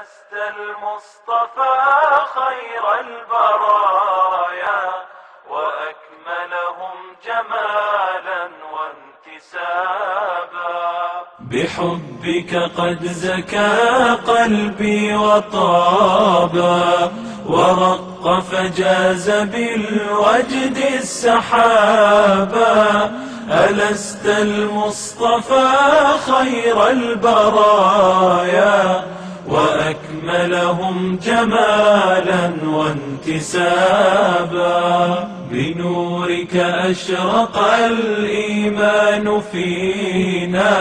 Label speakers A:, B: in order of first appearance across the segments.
A: لست المصطفى خير البرايا وأكملهم جمالا وانتسابا بحبك قد زكى قلبي وطابا ورق فجاز بالوجد السحابا ألست المصطفى خير البرايا وأكملهم جمالا وانتسابا بنورك أشرق الإيمان فينا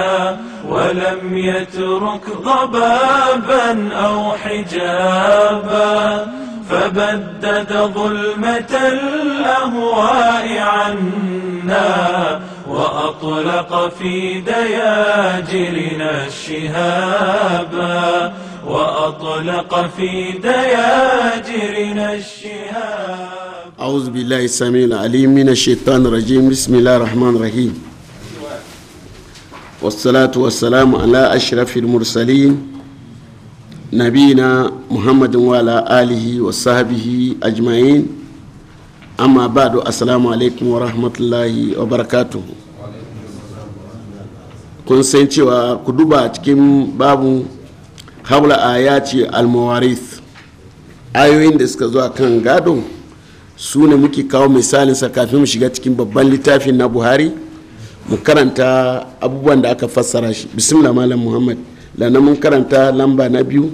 A: ولم يترك ضبابا أو حجابا فبدد ظلمة الأهواء عنا وأطلق في دياجرنا الشهابا وأطلق في دياجرنا الشهاب
B: أعوذ بالله السميع العليم من الشيطان الرجيم بسم الله الرحمن الرحيم والصلاة والسلام على أشرف المرسلين نبينا محمد وعلى آله وصحبه أجمعين أما بعد السلام عليكم ورحمة الله وبركاته kun san cewa ku duba cikin babu ya ce almawarith ayoyin da suka zuwa kan gado su ne muke kawo sa kafin mu shiga cikin babban littafin na buhari mu karanta abubuwan da aka fassara shi bismillah malam muhammad lana mun karanta lamba na biyu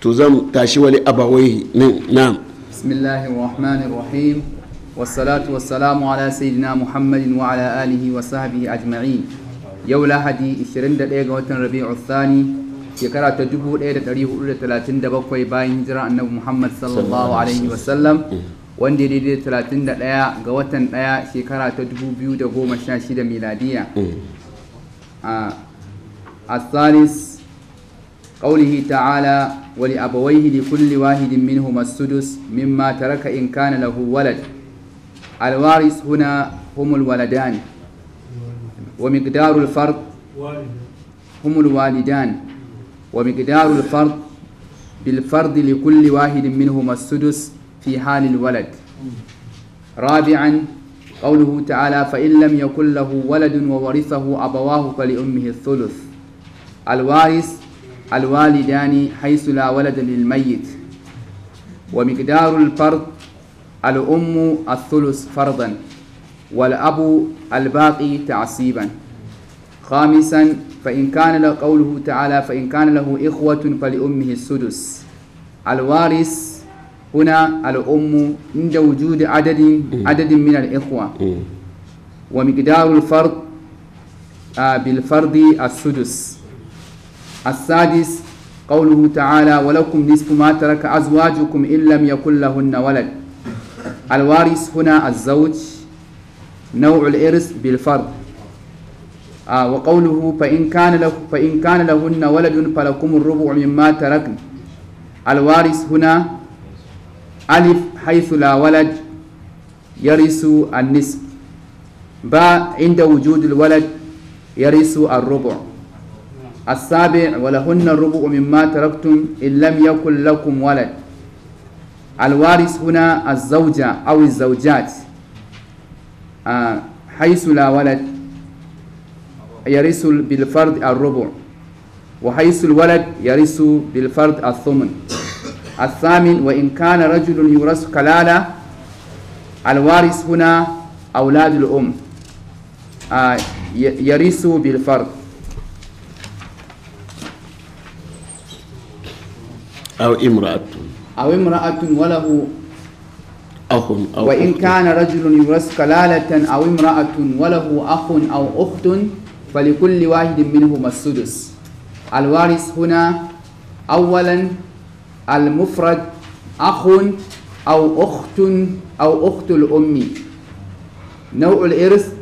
B: to zan tashi wani abawai na
C: bismillahir rahmanir rahim wassalatu wassalamu ala sayyidina muhammadin wa ala alihi wa sahbihi ajma'in yau lahadi 21 ga watan rabi'u thani shekara ta 1437 bayan jira annabi Muhammad sallallahu alaihi wasallam wanda daidai 31 ga watan 1 shekara ta 2016 miladiya a salis قوله تعالى ولأبويه لكل min منهما السدس مما in kana كان له alwaris huna humul هم wa ومقدار الفرق humul walidan ومقدار الفرض بالفرض لكل واحد منهما السدس في حال الولد رابعا قوله تعالى فإن لم يكن له ولد وورثه أبواه فلأمه الثلث الوارث الوالدان حيث لا ولد للميت ومقدار الفرض الأم الثلث فرضا والأب الباقي تعصيبا خامسا فإن كان له قوله تعالى فإن كان له إخوة فلأمه السدس الوارث هنا الأم عند وجود عدد إيه. عدد من الإخوة إيه. ومقدار الفرض آه، بالفرض السدس السادس قوله تعالى ولكم نصف ما ترك أزواجكم إن لم يكن لهن ولد الوارث هنا الزوج نوع الإرث بالفرض آه وقوله فإن كان له فإن كان لهن ولد فلكم الربع مما تركن الوارث هنا ألف حيث لا ولد يرث النصف باء عند وجود الولد يرث الربع السابع ولهن الربع مما تركتم إن لم يكن لكم ولد الوارث هنا الزوجة أو الزوجات آه حيث لا ولد يرث بالفرد الربع وحيث الولد يرث بالفرد الثمن الثامن وإن كان رجل يورث كلالة الوارث هنا أولاد الأم آه، يرث بالفرد أو امرأة أو امرأة وله
B: أخ أو وإن
C: أخت. كان رجل يورث كلالة أو امرأة وله أخ أو أخت فلكل واحد منهما السدس الوارث هنا أولا المفرد أخ أو أخت أو أخت الأم نوع الإرث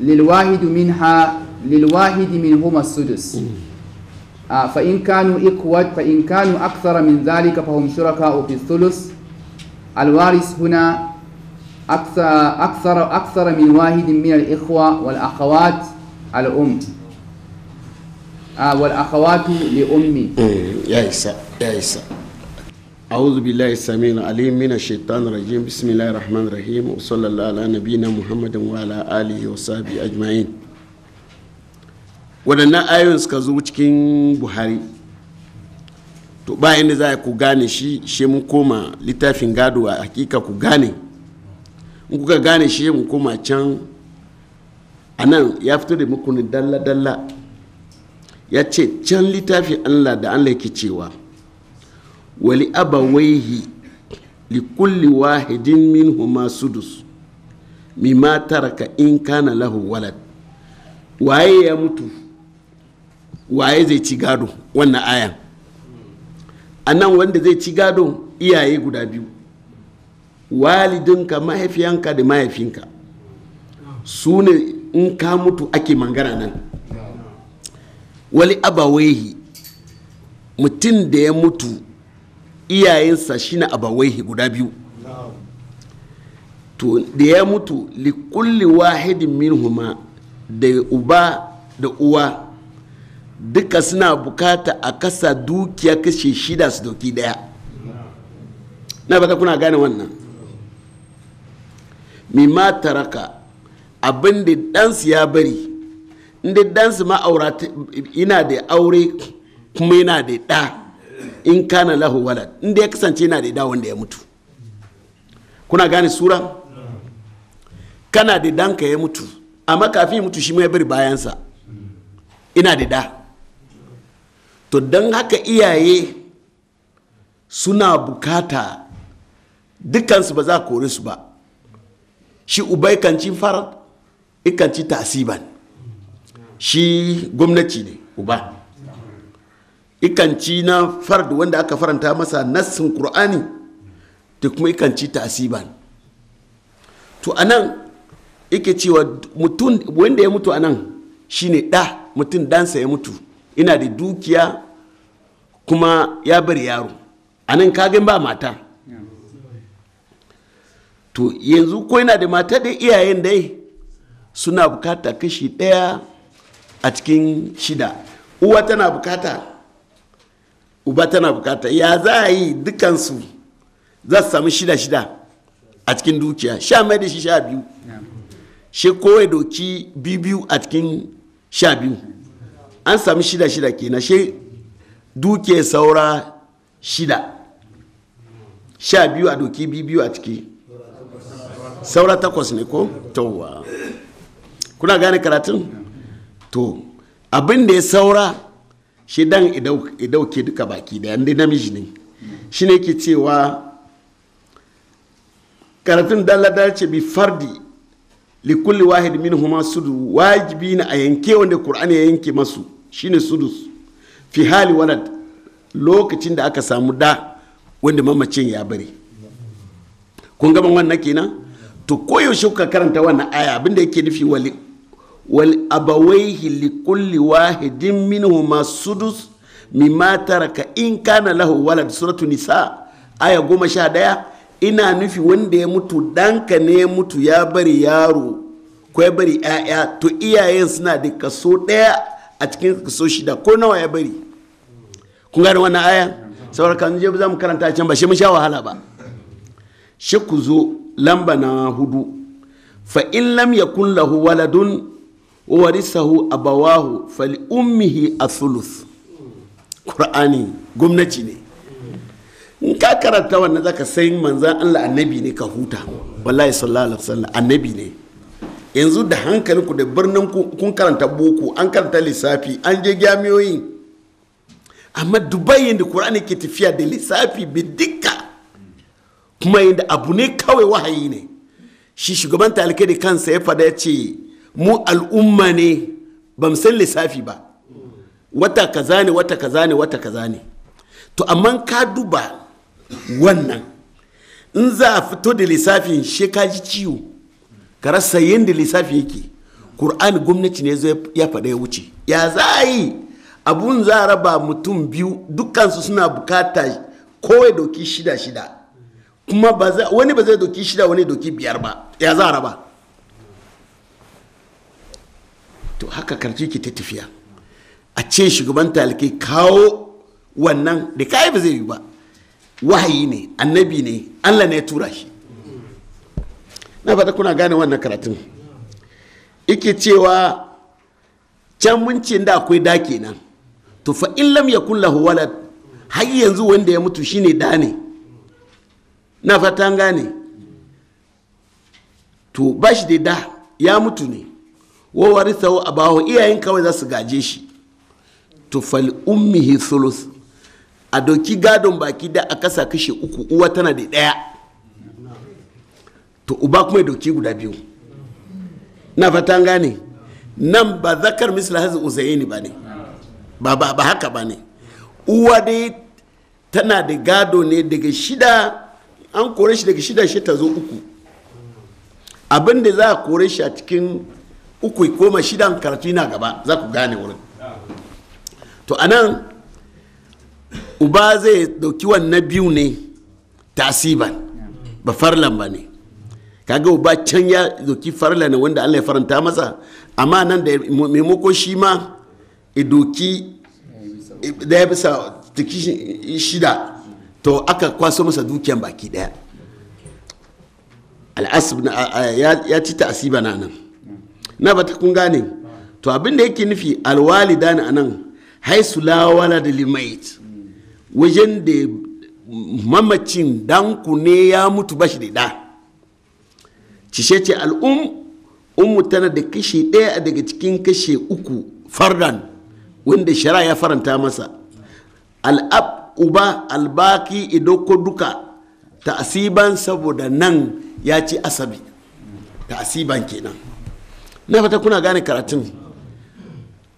C: للواحد منها للواحد منهما السدس آه فإن كانوا إخوة فإن كانوا أكثر من ذلك فهم شركاء في الثلث الوارث هنا أكثر أكثر أكثر من واحد من الإخوة والأخوات
B: al'um wal akhawatu li ummi ya isa ya isa أعوذ بالله السميع العليم من الشيطان الرجيم بسم الله الرحمن الرحيم وصلى الله على نبينا محمد وعلى آله وصحبه أجمعين suka zo cikin buhari to ba inda za ku gane shi shi mun koma littafin gado a hakika ku gane in kuka gane shi koma can a nan ya fito da muku dalla-dalla ya ce can littafi allah da allah yake cewa wali abawaihi li kulli wahidin huma sudus tara taraka in kana lahu walad waye ya mutu waye zai ci gado wannan aya a nan wanda zai ci gado iyaye guda biyu walidinka mahaifiyanka da mahaifinka su ne in ka mutu ake mangana nan wali abawaihi mutum da ya mutu iyayensa shine abawaihi guda biyu to da ya mutu likulli wahidin minhuma da uba da uwa duka suna bukata a kasa dukiya kashe shida su doki daya na baka kuna gane wannan ma taraka abin da ɗansu ya bari inda ɗansu ma'aura yana da aure kuma yana da ɗa in kana lahu walad inda ya kasance yana da ɗa wanda ya mutu kuna gane sura kana da danka ya mutu amma kafin mutu shi ya bari bayansa ina da da to don haka iyaye suna bukata dukansu ba za kore su ba shi ubai kan cin farar ikan ci tasiban shi gwamnati ne uba ikan ci na fard wanda aka faranta masa nassin kur'ani da kuma ikan ci tasiban to anan ike cewa mutum wanda ya mutu anan shine ɗa mutum dansa ya mutu ina da dukiya kuma ya bari yaro anan kagan ba mata to yanzu ko yana da mata da iyayen dai suna bukata kashi ɗaya a cikin shida uwa tana bukata uba tana bukata ya za a yi dukansu za su samu shida-shida a cikin dukiya sha mai da shi sha biyu shi kowai doki biyu biyu a cikin sha biyu an samu shida-shida kenan shi duke saura shida sha biyu a doki biyu a ciki saura takwas ne ko? towa kuna gane karatun to abin da ya saura shi dan idauke duka baki da yadda namiji ne shi ne ke cewa karatun daladar ce bi fardi likulli wahid min huma sudu wajibi na a yanke wanda kur'ani ya yanke masu shine sudu fi hali walad lokacin da aka samu da wanda mamacin ya bari kun gaban wannan kenan to koyaushe kuka karanta wannan aya abinda yake nufi wal abawaihi li kulli wahidin minhuma sudus mimma taraka in kana lahu walad suratu nisa aya goma sha daya ina nufi wanda ya mutu danka ne ya mutu ya bari yaro ko ya bari 'ya'ya to iyayen suna da kaso daya a cikin kaso shida ko nawa ya bari kun gane wannan aya sauran kan karanta can ba shi mun sha wahala ba shi ku zo lamba na hudu fa in lam yakun lahu waladun warisahu abawahu fali ummihi a qur'ani gwamnati ne in ka karanta wannan zaka sai manzan Allah annabi ne ka huta wallahi sallallahu alaihi wasallam annabi ne yanzu da hankalinku da birnin kun karanta boko an karanta lissafi an je jami'oyi amma dubai yadda qur'ani ke tafiya da lissafi bi dukka kuma yadda abu ne kawai wahayi ne shi shugaban talikai da kansa ya fada ya ce mu al'umma ne ba san lissafi ba wata kaza ne wata kaza ne wata kaza ne to amma ka duba wannan in za a fito da lissafin shi ka ji ciwo ka rasa yadda lissafi yake kur'ani gwamnati ne ya faɗa ya wuce ya za a yi abun za a raba mutum biyu dukansu suna bukata kowai doki shida shida kuma wani ba zai doki shida wani doki biyar ba ya za a raba to haka karfi ki ta tafiya a ce shugaban talikai kawo wannan da kayi ba zai yi ba wahayi ne annabi ne allah ne ya tura shi na fata kuna gane wannan karatun ike cewa can mun ce da akwai da kenan to fa in lam yakun lahu walad har yanzu wanda ya mutu shine da ne na fata gane to ba shi da ya mutu ne wa wa abahu iyayen kawai za su gaje shi to fal ummihi sulus a doki gadon baki da a kasa kashe uku uwa tana da daya to uba kuma ya doki guda biyu na fatan gane nan ba zakar misla hazi uzayeni ba ne ba ba haka ba ne uwa dai tana da gado ne daga shida an kore shi daga shida shi ta zo uku abin da za a kore shi a cikin uku koma shidan karatu na gaba za ku gane wurin to anan uba zai dauki wannan biyu ne tasiban ba farlan ba ne kaga uba can ya doki farla ne wanda allah ya faranta masa amma nan da maimako shi ma doki da ya bisa shida to aka kwaso masa dukiyan baki daya al'asib ya ci ta na nan na ba ta kun gane to abin da yake nufi alwalida a anan haisu lawala da limait wajen da mamacin danku ne ya mutu bashi da da cishe ce al'um ummu tana da kashi ɗaya daga cikin kashe uku faran wanda shara ya faranta masa al'ab uba albaki idoko duka ta'asiban saboda nan ya ci asabi ta'asiban kenan na fata kuna gane karatun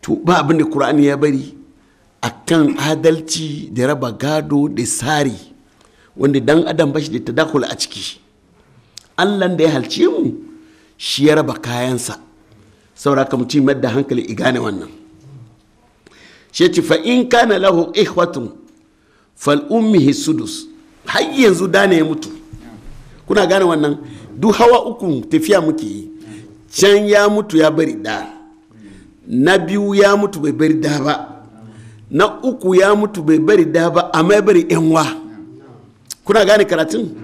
B: to ba abin da kur'ani ya bari a kan adalci da raba gado da sari wanda dan adam bashi da tadakul a ciki allah da ya halce mu shi ya raba kayansa sauraka mutum mai da hankali i gane wannan shi ce fa in kana lahu ikhwatun fal ummihi sudus har yanzu da ya mutu kuna gane wannan duk hawa uku tafiya muke yi can ya mutu ya bari da na biyu ya mutu bai bari da ba na uku ya mutu bai bari da ba amma ya bari yanwa kuna gane karatun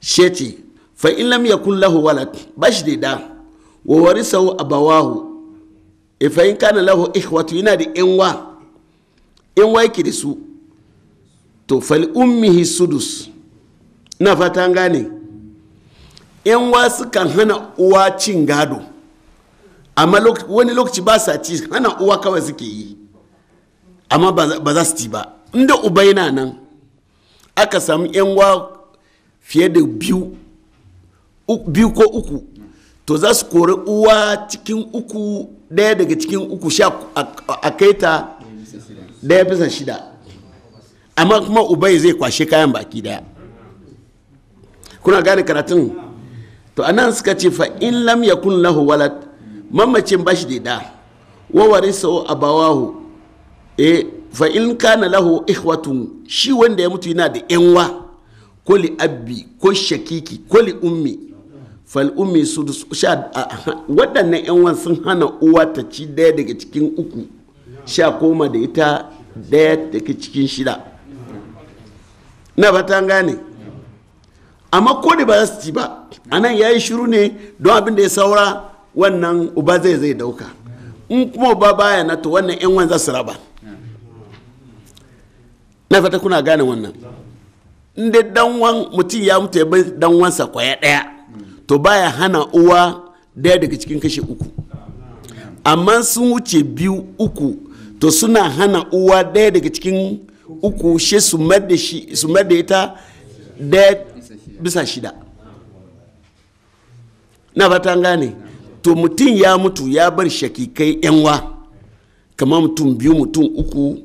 B: sheci fa in lam yakun lahu walad bashi da da wa warisahu abawahu e fa in kana lahu ikhwatu yana da yanwa yanwa yake da su to fal ummihi sudus na fata gane yan wasu kan hana uwa cin gado amma wani lokaci ba sa ci hana uwa kawai suke yi amma ba za su ci ba inda uba yana nan aka samu yan wa fiye da biyu ko uku to za su kori uwa cikin uku daya daga cikin uku sha a kai ta daya bisa shida amma kuma ubai zai kwashe kayan baki daya kuna gane karatun to anan suka ce fa in lam yakun lahu walad mamacin bashi da da wa a abawahu eh fa in kana lahu ikhwatun shi wanda ya mutu yana da yanwa ko li abbi ko shakiki ko li ummi fal ummi su sha waɗannan yanwan sun hana uwa ta ci daya daga cikin uku sha koma da ita daya daga cikin shida na ba ta gane amma ko da ba za su ci ba anan ya yi shiru ne don abin da ya saura wannan uba zai zai dauka in kuma uba baya na to wannan yan wanza su raba na fata kuna gane wannan in dai danwan mutum ya mutu ya bai danwansa kwaya daya to baya hana uwa daya daga cikin kashe uku amma sun wuce biyu uku to suna hana uwa daya daga cikin uku shi su mar da ita daya bisa shida na fata gane to mutum ya mutu ya bar shakikai yanwa kamar mutum biyu mutum uku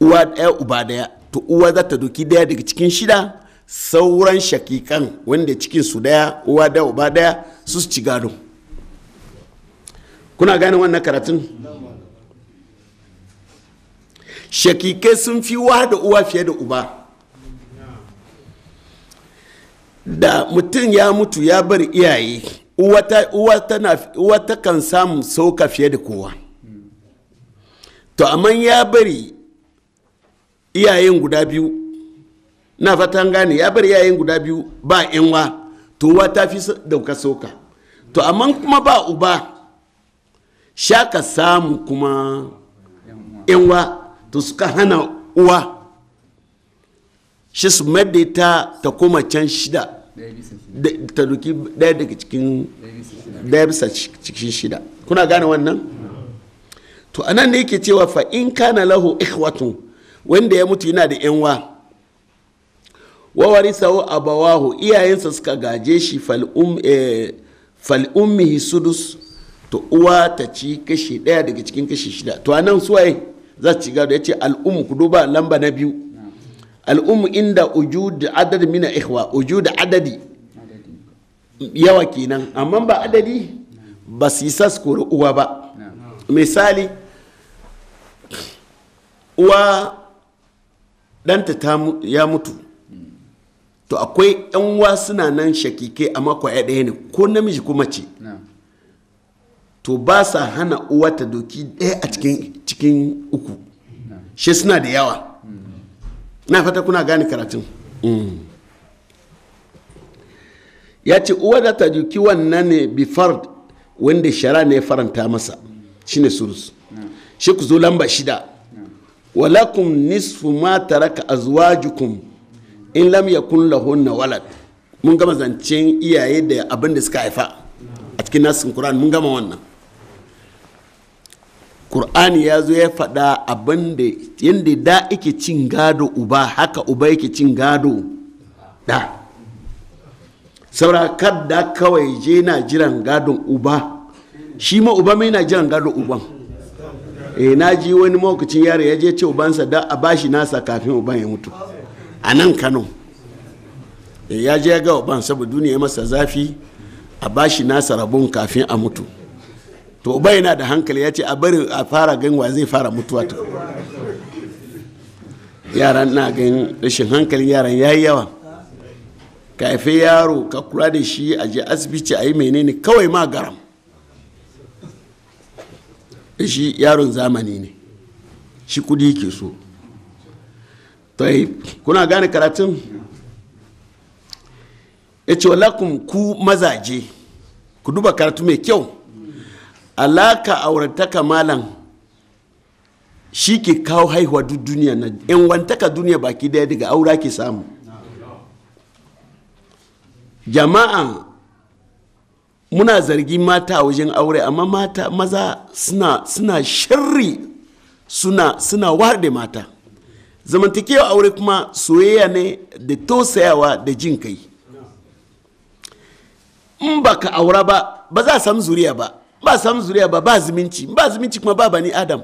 B: uwa daya uba daya to uwa za ta doki daya daga cikin shida sauran shakikan wanda cikin su daya uwa daya uba daya su ci gado kuna gane wannan karatun shakikai sun fi wa da uwa fiye da uba da mutum ya mutu ya bar iyaye uwa ta kan samu sauka fiye da kowa to amma ya bari iyayen guda biyu na fatan gane ya bari iyayen guda biyu ba yanwa to uwa ta fi dauka sauka to amma kuma ba uba shaka samu kuma yanwa to suka hana uwa shi su madaita ta koma can shida ta duki daya daga cikin daya bisa cikin shida kuna gane wannan to anan ne yake cewa fa in kana lahu ikhwatun wanda ya mutu yana da yanwa wawari warisahu abawahu iyayensa suka gaje shi um, eh, fal ummihi sudus to uwa ta ci kashi daya daga cikin kashi shida to anan suwaye za ci gado ya ce al'ummu ku duba lamba na biyu al'umma inda ujud adad mina ikhwa ujud adadi yawa kenan amma ba adadi ba su yi uwa ba misali uwa ɗanta ya mutu to akwai yan uwa suna nan shakike a kwaya ɗaya ne ko namiji kuma mace to ba sa hana uwa ta doki ɗaya a cikin uku shi suna da yawa na fata kuna gane karatun mm. ya ce uwa da ta juki wannan ne bifard wanda shara ne faranta masa shine surus shi ku zo lamba shida walakum nisfu ma taraka azwajukum in lam yakun lahunna walad mun gama zancen iyaye da abin da suka haifa a cikin nasin kuran mun gama wannan kur'ani ya zo ya faɗa abin da yadda da ike cin gado uba haka uba yake cin gado da saura da kawai je na jiran gadon uba shi ma uba mai na jiran gadon uban e na ji wani mawakacin yare ya je ce ubansa da a bashi nasa kafin uban ya mutu a nan kano eh, ya je ya ga uban saboda duniya masa zafi a bashi nasa rabon kafin a mutu to ba yana da hankali ya ce a bari a fara gan zai fara mutuwa ta yaran na gan rashin hankalin yaran ya yi yawa ka haife yaro ka kula da shi a je asibiti a yi menene kawai ma garam shi yaron zamani ne shi kudi ke so kuna gane karatun ya ce walakun ku mazaje ku duba karatu mai kyau alaka aurataka malam shi ke kawo haihuwa duk duniya na yan wantaka duniya baki daya daga aura ke samu jama'a muna zargi mata a wajen aure amma mata maza suna suna sharri suna suna warde mata zamantakewa aure kuma soyayya ne da tausayawa da jin kai in baka aura ba ba za a samu zuriya ba ba samun zuriya ba ba zumunci ba zumunci kuma ba bani adam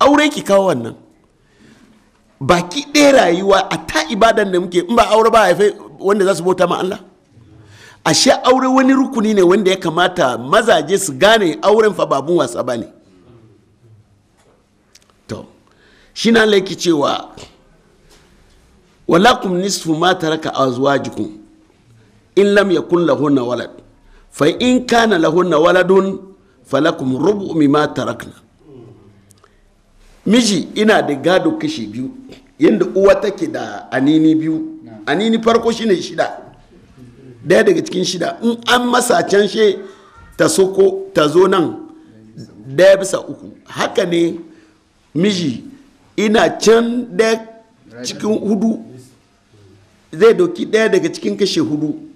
B: aure ki kawo wannan baki ɗaya rayuwa a ta ibadan da muke in ba aure ba haifai wanda za su bauta ma Allah ashe aure wani rukuni ne wanda ya kamata mazaje su gane auren fa babun wasa ba ne to shi na laiki cewa walakum nisfu ma taraka azwajukum in lam yakun lahunna walad fa in kana lahunna waladun falakum rubu mimma tarakna miji ina da gado kashi biyu yadda uwa take da anini biyu anini farko shine shida daya daga cikin shida in an masa can she ta soko ta zo nan daya bisa uku haka ne miji ina can daya cikin hudu zai doki daya daga cikin kashe hudu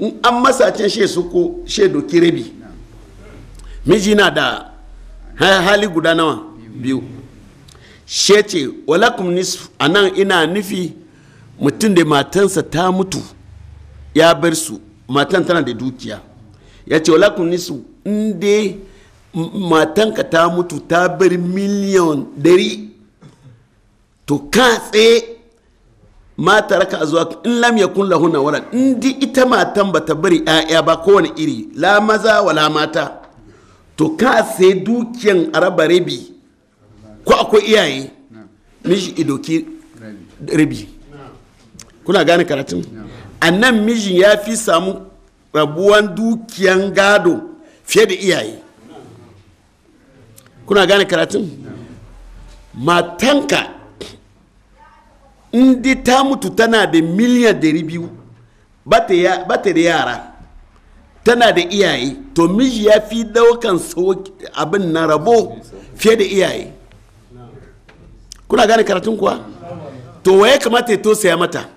B: in an masa can su ko doki rabi miji na da hali guda nawa biyu she ce walakum nisf anan ina nufi mutum da matansa ta mutu ya bar su matan tana da dukiya ya ce walakum nisf inda matanka ta mutu ta bar miliyan dari to ka tsaye mata raka a zuwa in lam ya yakun lahunna walad in di ita matan ba ta bari ya ba kowane iri la maza wala mata to ka sai dukiyan araba rabi ko akwai iyaye miji idoki rabi kuna gane karatun a nan mijin ya fi samu rabuwan dukiyan gado fiye da iyaye kuna gane karatun matanka in dai ta mutu tana da miliyan dari biyu ba ta da yara tana da iyaye to miji ya fi daukan abin na rabo fiye da iyaye kuna gane karatun kuwa to waye kamata ya tosaya mata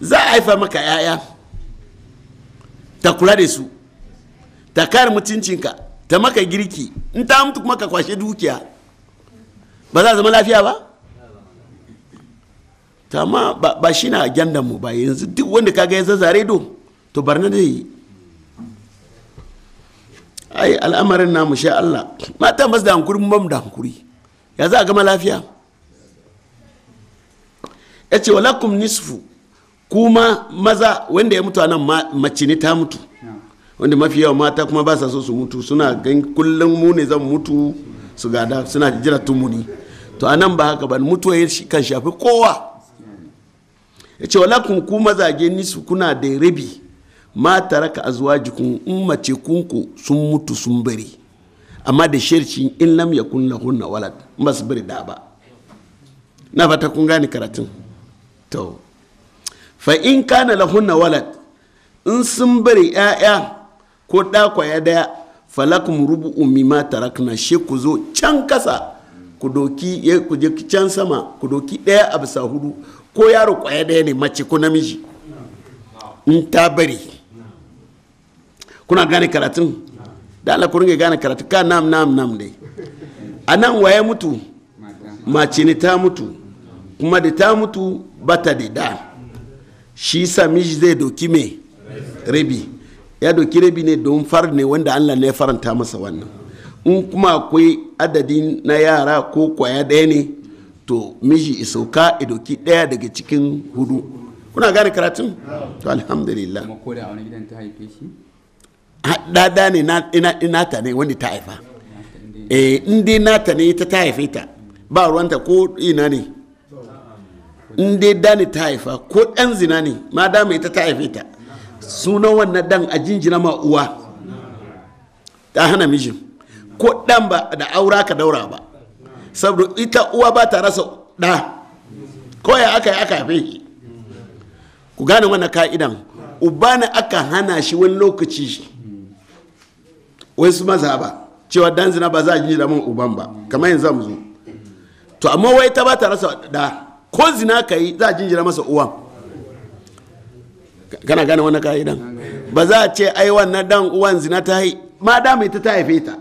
B: za a haifa maka 'ya'ya ta kula da su ta kare mutuncinka ta maka girki in ta mutu kuma ka kwashe dukiya ba za a zama lafiya ba ta ma ba shi na agendan mu ba yanzu duk wanda kaga ya zazzare do to barna da yi ai al'amarin namu sha Allah mata masu da hankuri mun bamu da hankuri ya za a gama lafiya ya ce walakum nisfu kuma maza wanda ya mutu a nan mace ne ta mutu wanda mafi yawa mata kuma ba sa so su mutu suna gan kullum mu ne zan mutu su gada suna jira tumuni to anan ba haka ba mutuwa kan shafi kowa ya ce wala ku mazaje nisu kuna da rabi ma taraka azwajikum in mace kunku sun mutu sun bari amma da shirci in lam yakun lahunna walad ba su bari da ba na fata kun gane karatun to fa in kana lahunna walad in sun bari ya'ya ko ɗa kwaya daya falakum rubu'u mimma tarakna she ku zo can kasa ku doki ku je can sama ku doki ɗaya a bisa hudu ko yaro kwaya daya ne mace ko namiji in ta bari kuna gane karatun da Allah ku ringa gane karatu ka nam nam nam dai a nan waye mutu mace ne ta mutu kuma da ta mutu bata da da shi sa miji zai doki me rabi ya doki rabi ne don far ne wanda Allah ne faranta masa wannan in kuma akwai adadi na yara ko kwaya daya ne to miji isauka idoki daya daga cikin hudu kuna gane karatun to alhamdulillah ko da wani gidan ta haife shi dada ne ina ta ne wanda ta haifa eh in dai nata ne ta ta haife ta ba ruwanta ko ina ne in dai da ne ta haifa ko dan zina ne ma da mai ta haife ta sunan wannan dan a jinjina ma uwa ta hana mijin ko dan ba da aura ka daura ba saboda ita uwa ba ta rasa ɗa koya aka yi aka haife ku gane wannan ka'idan uba ne aka hana shi wani lokaci su maza ba cewa dan zina ba za a ji da uban ba kamar yin zamzu zo to amma wai ta ba ta rasa da ko zina ka yi za a jinjira masa uwan kana gane wani ka'idan ba za a ce ai wannan dan uwan zina ta yi ma da mai ta ta haife ta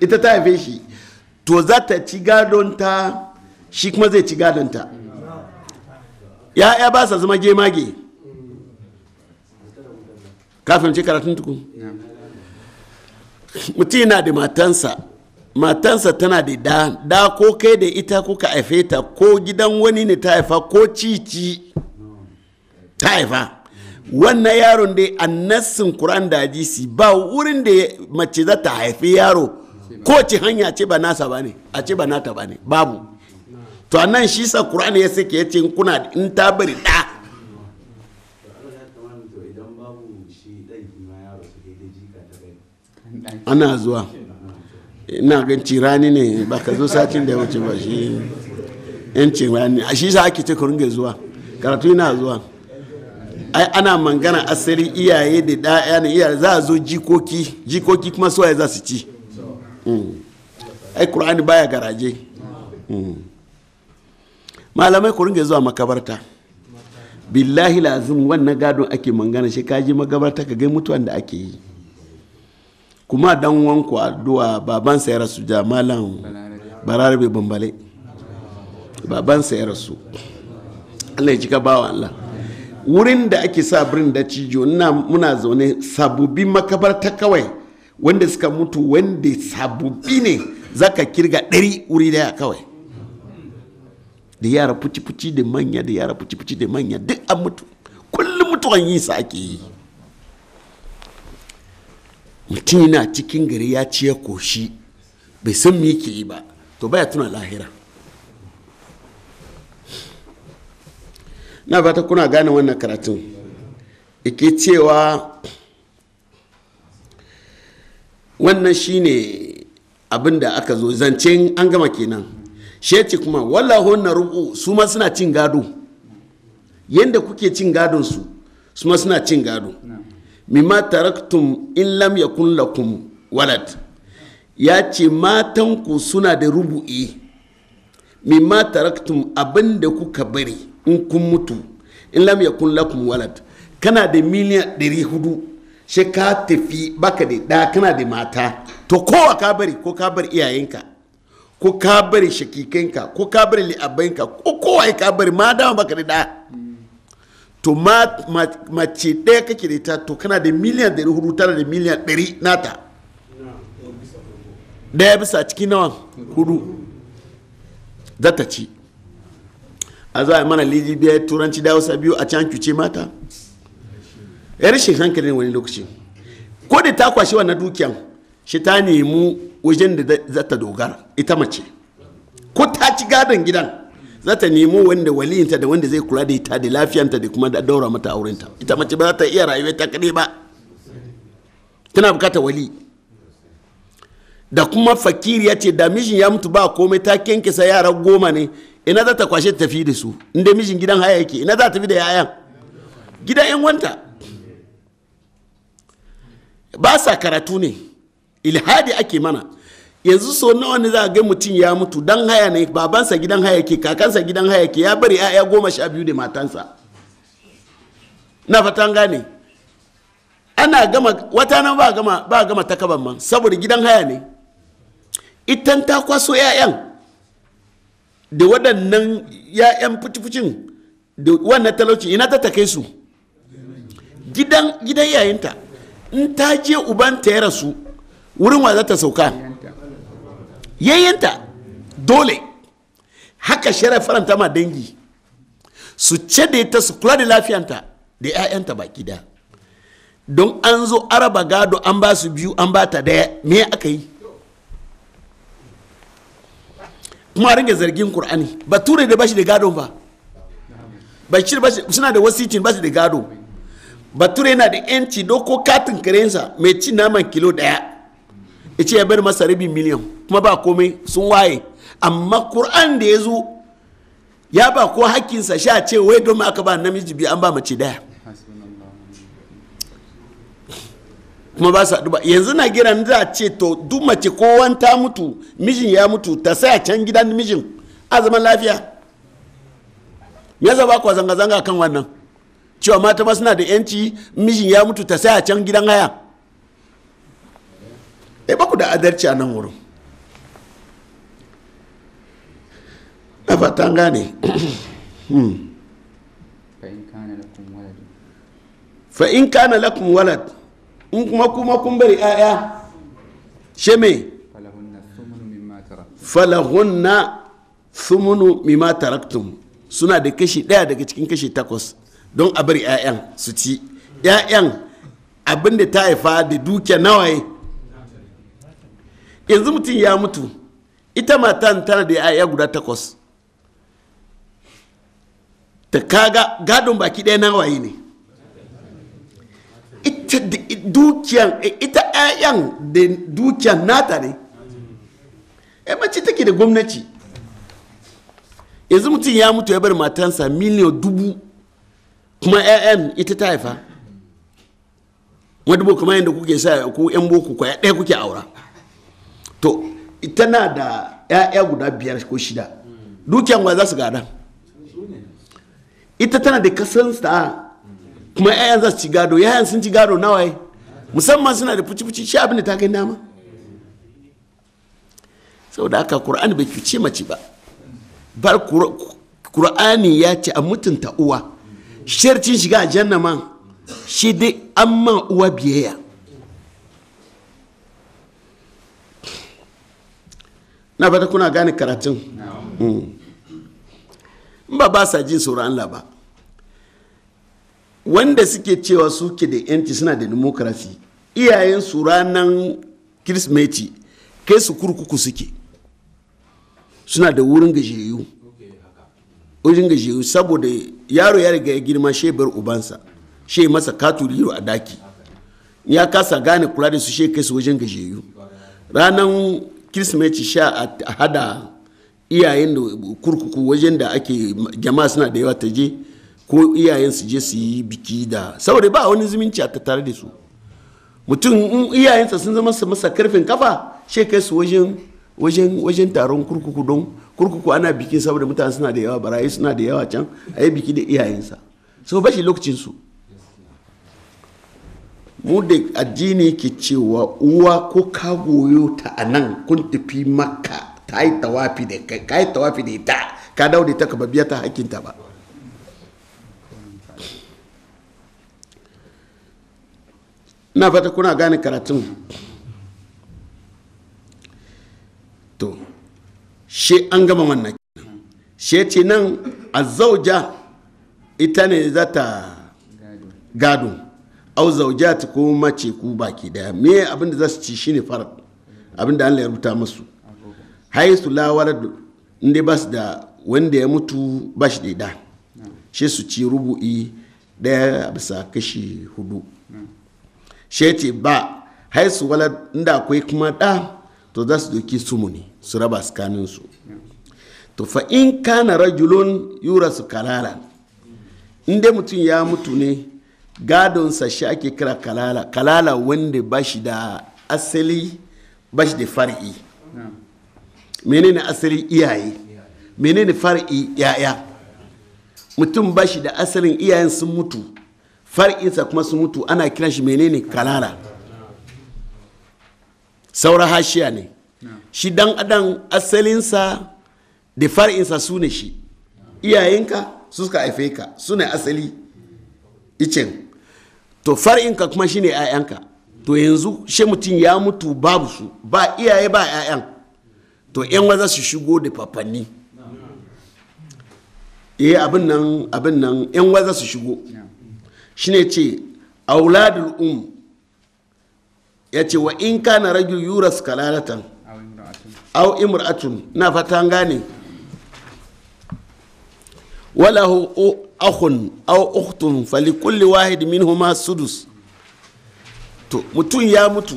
B: ita ta haife shi to za ta ci gadonta shi kuma zai ci gadonta ya'ya ba sa zama gemage kafin ce karatun tuku mutum yana da matansa matansa tana da da da ko kai da ita kuka haife ta ko gidan wani ne ta haifa ko cici ta haifa wannan yaron dai annasin kuran da hadisi ba wurin da mace za ta haifi yaro kowace hanya ce ba nasa ba ne a ce ba nata ba ne babu to a nan shi sa qur'ani ya sake ya ce in kuna in ta bari da ana zuwa ina ganci rani ne ba ka zo satin da wuce ba shi yan rani a shi sa ake ce ka ringa zuwa karatu ina zuwa ai ana mangana asali iyaye da ɗaya ne iyaye za a zo jikoki jikoki kuma suwaye za su ci Hmm. ai kur'ani baya garaje hmm. malamai ku ringa zuwa makabarta billahi lazim wannan gadon ake mangana shi kaji makabarta ka gai mutuwan da ake yi kuma dan wanku addu'a babansa ya rasu da malam bararabe bambale babansa ya rasu allah ya cika bawa allah wurin da ake sa birnin da cijo muna zaune sabubbi makabarta kawai wanda suka mutu wanda sababbi ne za ka kirga ɗari wuri daya kawai da yara fuci-fuci da manya da yara fuci-fuci da manya duk an mutu kullum mutuwan yi sa ake yi mutum yana cikin gari ya ci ya koshi bai san me yake yi ba to baya tuna lahira na fata kuna gane wannan karatun ike cewa wannan shine abin da aka zo zance an gama kenan sheci kuma wallahu na rubu su ma suna cin gado yadda kuke cin gadon su su ma suna cin gado mimma taraktum in lam yakun lakum walad ya ce matanku suna da rubu'i mimma taraktum abin da kuka bari in kun mutu in lam yakun lakum walad kana da miliyan 400 shi ka tafi baka da ɗa kana da mata to kowa ka bari ko ka bari iyayenka ko ka bari shakikinka ko ka bari li'abbainka ko kowa ka bari ma dama baka da ɗa to mace ɗaya kake da ita to kana da miliyan ɗari hudu tana da miliyan ɗari nata ɗaya bisa cikin nawa hudu za ta ci a za a mana lijibiyar turanci da hausa biyu a can cuce mata ya rashin hankali wani lokaci ko da ta kwashe wannan dukiyan shi ta nemi wajen da za ta dogara ita mace ko ta ci gadon gidan za ta nemi wanda waliyinta da wanda zai kula da ita da lafiyanta da kuma da daura mata aurenta ita mace ba za ta iya rayuwa ta kadai ba tana bukata wali da kuma fakiri ya ce da mijin ya mutu ba komai ta kenkisa yara goma ne ina za ta kwashe tafi da su inda mijin gidan haya yake ina za ta tafi da yayan gidan yan wanta ba sa karatu ne ilhadi ake mana yanzu so nawa ne za ga mutum ya mutu dan haya ne babansa gidan haya ke kakansa gidan haya ke ya bari ya goma sha biyu da matansa na fatan gane ana gama wata nan ba gama ba gama takaban man saboda gidan haya ne itan ta kwaso 'ya'yan da waɗannan 'ya'yan fitificin da wannan talauci ina ta take su gidan gidan yayinta in ta je ubanta ya rasu wurin wa za ta sauka yayyanta dole haka shirar faranta ma dangi su ce da ta su kula da lafiyanta da 'ya'yanta baki da don an zo araba gado an ba su biyu an ba ta daya me aka yi kuma ringa zargin kur'ani bature da bashi da gado ba shi suna da wasitin bashi da gado bature yana da yanci doko katin karensa mai ci naman kilo daya ya ce ya bar masa rabin miliyan kuma ba komai sun waye amma kur'an da ya zo ya ba ko hakkinsa sha ce wai don aka ba namiji biyu an ba mace daya kuma ba su ba yanzu na gira za ce to duk mace kowan ta mutu mijin ya mutu ta saya can gidan mijin azaman lafiya me zaba ba ku zanga-zanga kan wannan cewa mata ma suna da yanci mijin ya mutu ta saya can gidan haya e ba ku da adalci a nan wurin na fatan gane fa in kana lakum walad in kuma kuma kun bari 'ya'ya sheme falahunna sumunu mimma taraktum suna da kashi daya daga cikin kashi takwas don a bari 'ya'yan su ci 'ya'yan abin da ta haifa da dukiya nawaye yanzu mutum ya mutu ita matan tana da 'ya'ya guda takwas ta kaga gadon baki ɗaya nawaye ne ita dukiyan ita 'ya'yan da dukiyan nata ne mace take da gwamnati yanzu mutum ya mutu ya bar matansa miliyan dubu kuma 'ya'yan ita ta haifa wadda kamar yadda kuke sa ku 'yan boko ya ɗaya kuke aura to tana da ya guda biyar ko shida dukiyan wa za su gada ita tana da kasansa kuma 'ya'yan za su ci gado 'ya'yan sun ci gado nawaye musamman suna da fuci-fuci shi abin da ta kai nama saboda haka kur'ani bai cuce mace ba bar kur'ani ya ce a mutunta uwa sharcin shiga janna ma shi dai an ma uwa biyayya na fata kuna gane karatun hmm. in ba ba sa jin sauran Allah ba wanda suke cewa suke da yanci suna da demokrasi iyayen su ranar kirismeti kai su kurkuku suke suna da wurin gajeyu ujin gashi saboda yaro ya riga ya girma she bar ubansa she masa katuri a daki ya kasa gane kula da su she kai su wajen gajeyu ranan sha a hada iyayen da kurkuku wajen da ake jama'a suna da yawa ta je ko iyayen su je su yi biki da saboda ba wani zumunci a tattare da su mutum in iyayensa sun zama masa karfin kafa she kai su wajen wajen taron kurkuku don kurkuku ana bikin saboda mutane suna da yawa barayi suna da yawa can a yi biki da iyayensa so bashi lokacin su mu da addini ke cewa uwa ko ka goyo ta a nan kun tafi makka ta yi tawafi da ka yi tawafi da ita ka dawo da ita ka babbiya ta hakinta ba na fata kuna gane karatun to she an gama wannan she ce nan azauja ita ne za ta gado au zauja ta ko mace ku baki daya me abin da za su ci shine farad abin da Allah ya rubuta musu haisu la inda ba su da wanda ya mutu ba shi daida da she su ci rubu'i daya bisa kashi hudu she ce ba haisu walad inda akwai kuma da to za su doki sumu su raba tsakanin su to fa in kana rajulun yura su kalala in dai mutum ya mutu ne gadonsa shi ake kira kalala kalala wanda ba shi da asali ba shi da far'i menene asali iyaye menene far'i yaya mutum ba shi da asalin iyayen sun mutu far'insa kuma sun mutu ana kiran shi menene kalala saura hashiya ne shi dan adam asalinsa da far'insa su ne shi iyayenka su suka haife ka su ne asali icen to far'inka kuma shi shine 'ya'yanka to yanzu shi mutum ya mutu babu su ba iyaye ba 'ya'yan to 'yan waza su shigo da fafanni eh abin nan abin nan 'yan waza su shigo ne ce auladul um ya ce wa in ka kana rajul yuras kalalatan au imratun na fata gane walahu akhun aw ukhtun falikulli wahid minhuma sudus to mutum ya mutu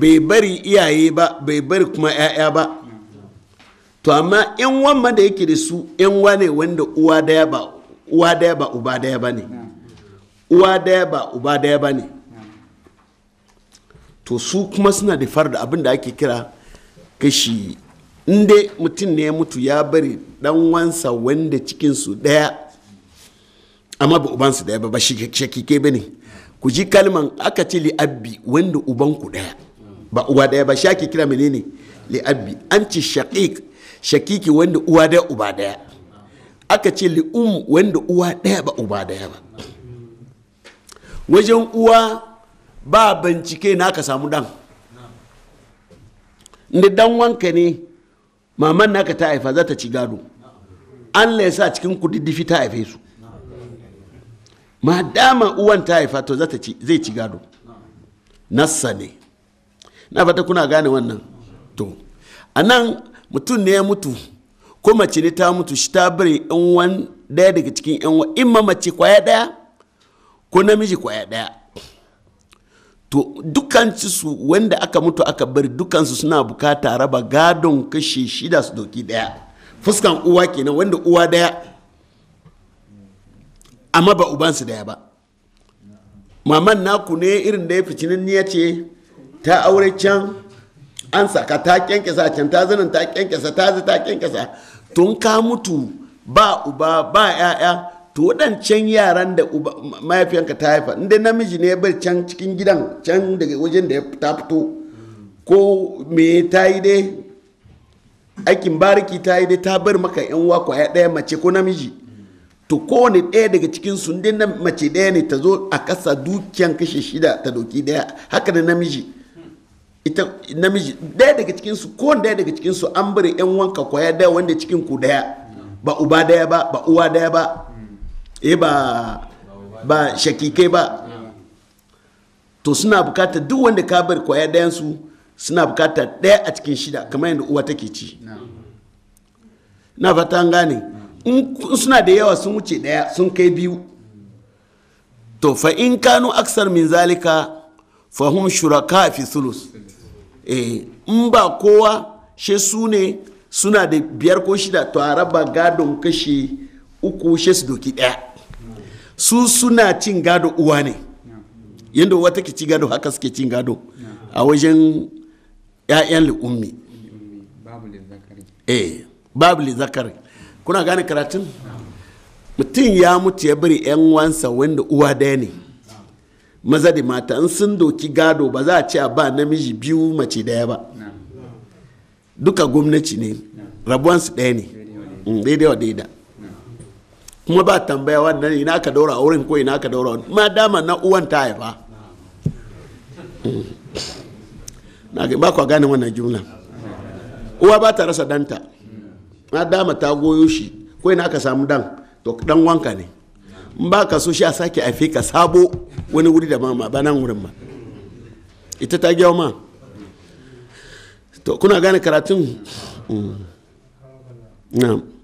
B: bai bari iyaye ba bai bari kuma 'ya'ya ba to amma yan wamma da yake da su yan wane wanda uwa daya ba uba daya ba ne uwa daya ba uba daya ba to su kuma suna da farda abin da ake kira kashi inda mutum ne ya mutu ya bari dan wansa wanda cikinsu daya amma ba ubansu daya ba ba shakike ba ne ku ji kalman aka ce li'abbi wanda ubanku daya ba uwa daya ba shaki kira li li'abbi an ce shakik shakiki wanda uwa daya uba daya aka ce li'um wanda uwa daya ba uba daya ba wajen uwa ba bincike na ka samu dan inda dan wanka ne maman naka ta haifa za ta ci gado an sa cikin difi ta haife su ma dama uwan ta haifa to zai ci gado nassa ne na fata kuna gane wannan to a nan mutum ne ya mutu ko mace ne ta mutu shi ta bari yan wan daya daga cikin in mace kwaya daya ko namiji kwaya daya to dukansu wanda aka mutu aka bari dukansu suna bukata raba gadon kashe shida su doki daya fuskan uwa kenan wanda uwa daya amma ba ubansu daya ba maman naku ne irin da ya ficinin niya ce ta aure can an saka ta kyankyasa can ta zanen ta kyankyasa ta zi ta kyankyasa tun ka mutu ba uba ba 'ya'ya to waɗancan yaran da mahaifiyanka ta haifa inda namiji ne ya bar can cikin gidan can daga wajen da ta fito ko me ta yi dai aikin bariki ta yi dai ta bar maka yan uwa kwaya ɗaya mace ko namiji to kowane ɗaya daga cikin su inda mace ɗaya ne ta zo a kasa dukiyan kashe shida ta doki ɗaya haka da namiji ita namiji ɗaya daga cikin su ko ɗaya daga cikin su an bari yan wanka kwaya ɗaya wanda cikin ku ɗaya ba uba ɗaya ba ba uwa ɗaya ba e ba ba shakike ba to suna bukatar duk wanda ka bar kwaya dayan suna bukatar ɗaya a cikin shida kamar yadda uwa take ci na fata an gane in suna da yawa sun wuce ɗaya sun kai biyu to fa in kanu aksar min zalika fa hum shuraka fi sulus eh in ba kowa she su ne suna da biyar ko shida to a raba gadon kashi uku she doki ɗaya su suna cin gado uwa ne yadda wata ke ci gado haka suke cin gado a wajen 'ya'yan ummi eh babu zakari kuna gane karatun mutum ya mutu ya bari 'yan wansa wanda uwa daya ne maza da mata in sun doki gado ba za a ce a ba namiji biyu mace daya ba duka gwamnati ne rabuwansu daya ne daidai wa daidai. Mm, kuma ba tambaya wannan ina ka daura a wurin ko ina ka daura wani ma dama na uwan ta haifa mm. na ba kwa gane wannan jumla uwa ba ta rasa danta ma dama ta goyo shi ko ina ka samu dan to dan wanka ne in ba ka so shi a sake aife ka sabo wani wuri da mama ba nan wurin ma ita ta gyawa ma to kuna gane karatun mm. na'am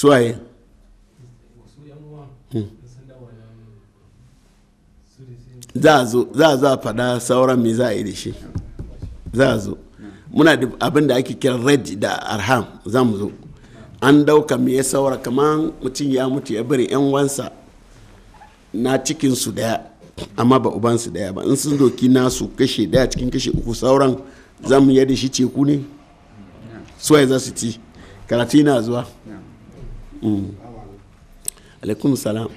B: suwaye za a zo za a faɗa sauran me za a yi da shi za a zo muna da abin da ake kira red da arham za mu zo an dauka me ya saura kamar mutum ya mutu ya bari yan wansa na cikinsu daya amma ba ubansu daya ba in sun doki nasu kashe daya cikin kashe uku sauran za mu yi da shi ku ne suwaye za su ci karatu yana zuwa Mm. alaikum salam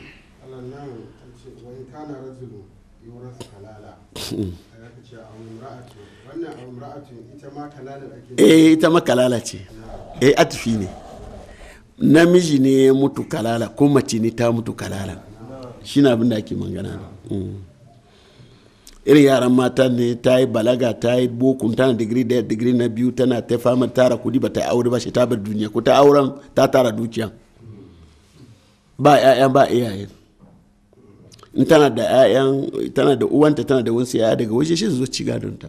B: eh ita ma kalala ce eh atufi ne namiji ne ya mutu kalala ko mace ne ta mutu kalala shi na abin da ake mangana ne mm. irin yaran mata ne ta yi balaga ta yi bokun tana digiri daya digiri na biyu tana ta fama tara kudi ba ta yi aure ba shi ta bar duniya ko ta auren ta tara dukiya ba ‘ya’yan ba iyaye in tana da 'ya'yan tana da uwanta tana da wasu 'ya'ya daga waje shi zo ci gadonta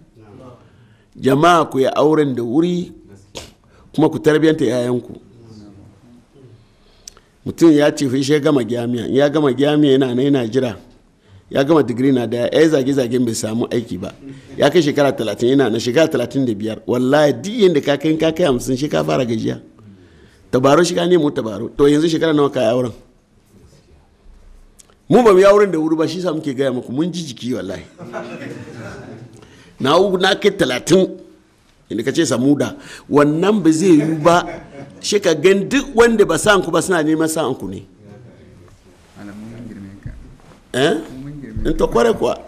B: jama'a ku yi auren da wuri kuma ku tarbiyyanta 'ya'yanku mutum ya ce shi ya gama gyamiya ya gama gyamiya yana na yana jira ya gama digiri na da ya zage zagen bai samu aiki ba ya kai shekara talatin yana na shekara talatin da biyar wallahi duk yadda ka kai ka kai hamsin shi ka fara gajiya tabaro shi ka nemo tabaro to yanzu shekara nawa ka yi auren mu ba mu yi auren da wuri ba shi sa muke gaya muku mun ji jiki wallahi na na kai talatin inda ka ce samuda wannan ba zai yi ba shi ka gan duk wanda ba sa'anku ba suna neman sa'anku ne in ta eh? kware kuwa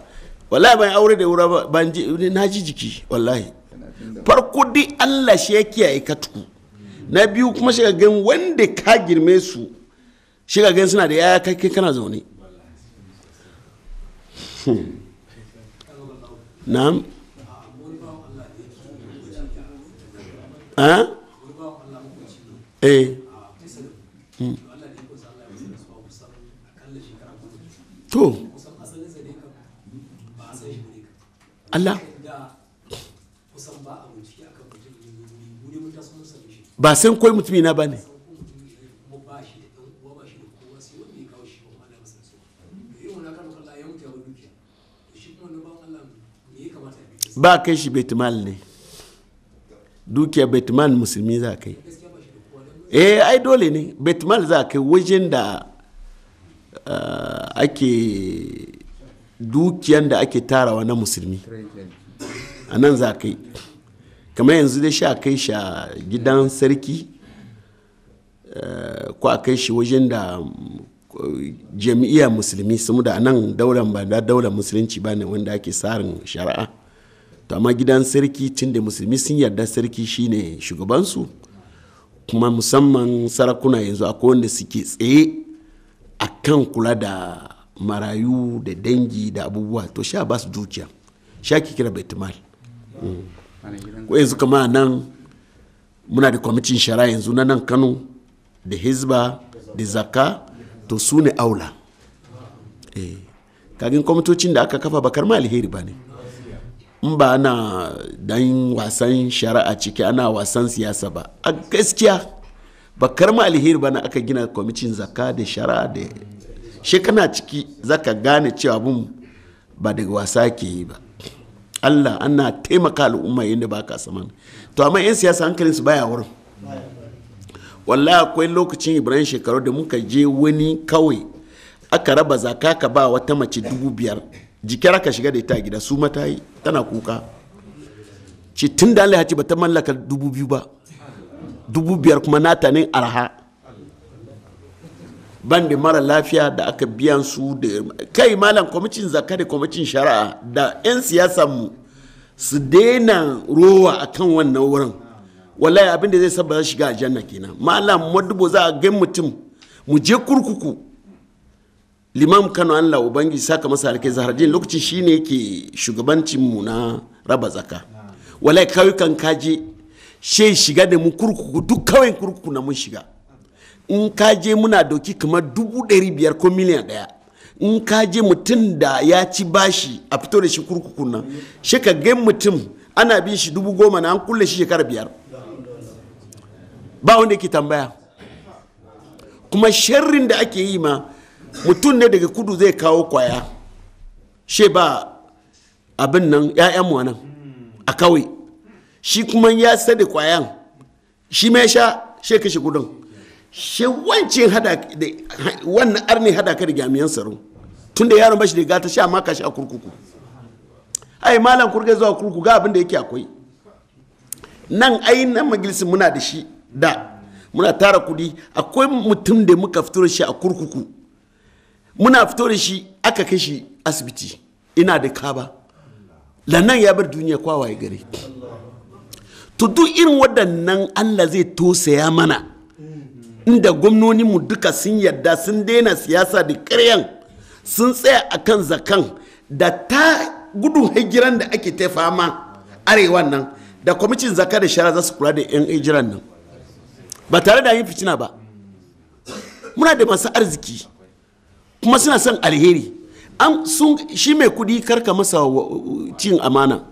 B: wallahi ban aure da wura ba na ji jiki wallahi farko dai allah shi ya kiyaye ka tuku na biyu kuma shi ka gan wanda ka girme su shi ka gan suna da yaya kai kana zaune Hmm. na'am ها eh hmm. to Allah ba sai kawai mutumi na ba ne ba kai shi betmal ne dukiya betmal musulmi za kai eh ai dole ne betmal za kai wajen da eh, ake dukiyan da ake tarawa na musulmi a nan za kai kamar yanzu dai sha kai shi gidan sarki eh, ko a kai shi wajen da eh, jami'iyyar musulmi sun da nan daular ba da daular musulunci ba ne wanda ake tsarin shari'a to amma gidan sarki tun da musulmi sun yarda sarki shine shugabansu kuma musamman sarakuna yanzu akwai wanda suke tsaye a kan kula da marayu da dangi da abubuwa to sha ba su dukiya sha ki kira baitimal mm. ko yanzu kama nan muna da kwamitin shara yanzu na nan kano da hizba da zaka to su ne aula eh, kagin kwamitocin da aka kafa bakar ma alheri ba ne in ba ana dan wasan shari'a ciki ana wasan siyasa ba a gaskiya ba karma alheri ba na aka gina kwamitin zaka da shari'a da shi kana ciki zaka gane cewa bin ba daga wasa ke yi ba allah ana taimaka al'umma yadda ba ka saman to amma 'yan siyasa hankalin su baya wurin wallahi akwai lokacin ibrahim shekaru da muka je wani kawai aka raba zaka ka ba wata mace dubu biyar jikira ka shiga da ita gida su mata yi tana kuka ce tun da Allah ya ba ta mallaka dubu biyu ba dubu biyar kuma nata ne arha ban da mara lafiya da aka biyan su da kai malam kwamitin zakka da kwamitin shari'a da 'yan siyasan mu su daina rowa akan wannan wurin wallahi abin da zai saba shiga a janna kenan malam madubo za a gan mutum mu je kurkuku limam kano allah ubangiji saka masa alkai zaharjin lokaci shine yake shugabancin mu na raba zaka wala kauyukan kaje she shiga da mu kurkuku duk kawai kurkuku na mun shiga in kaje muna doki kamar dubu ɗari biyar ko miliyan ɗaya in kaje mutum da ya ci bashi a fito da shi kurkuku nan she ka gan mutum ana bin shi dubu goma na an kulle shi shekara biyar ba wanda yake tambaya kuma sharrin da ake yi ma mutum ne daga kudu zai kawo kwaya she ba abin nan ‘ya'yanmu nan a kawai shi kuma ya sada kwayan shi mai sha she kashe gudun she wancin hada wannan arni hada ka da jami'an tsaro tunda yaron bashi da gata sha maka sha a kurkuku ai malam kurge zuwa kurkuku ga abin da yake akwai nan ai nan majalisin muna da shi da muna tara kudi akwai mutum da muka fito shi a kurkuku muna fito da shi aka kai shi asibiti ina da kaba lannan ya bar duniya kwawaye gare to duk irin waɗannan allah zai tosaya mana inda gwamnoninmu duka sun yarda sun daina siyasa da ƙaryan sun tsaya a kan zakan da ta gudun hijiran da ake ta fama arewa nan da kwamitin zaka da shara za su kula da 'yan hijiran nan ba tare da yin fitina ba muna da masu arziki kuma suna son alheri an sun shi mai kudi karka masa cin amana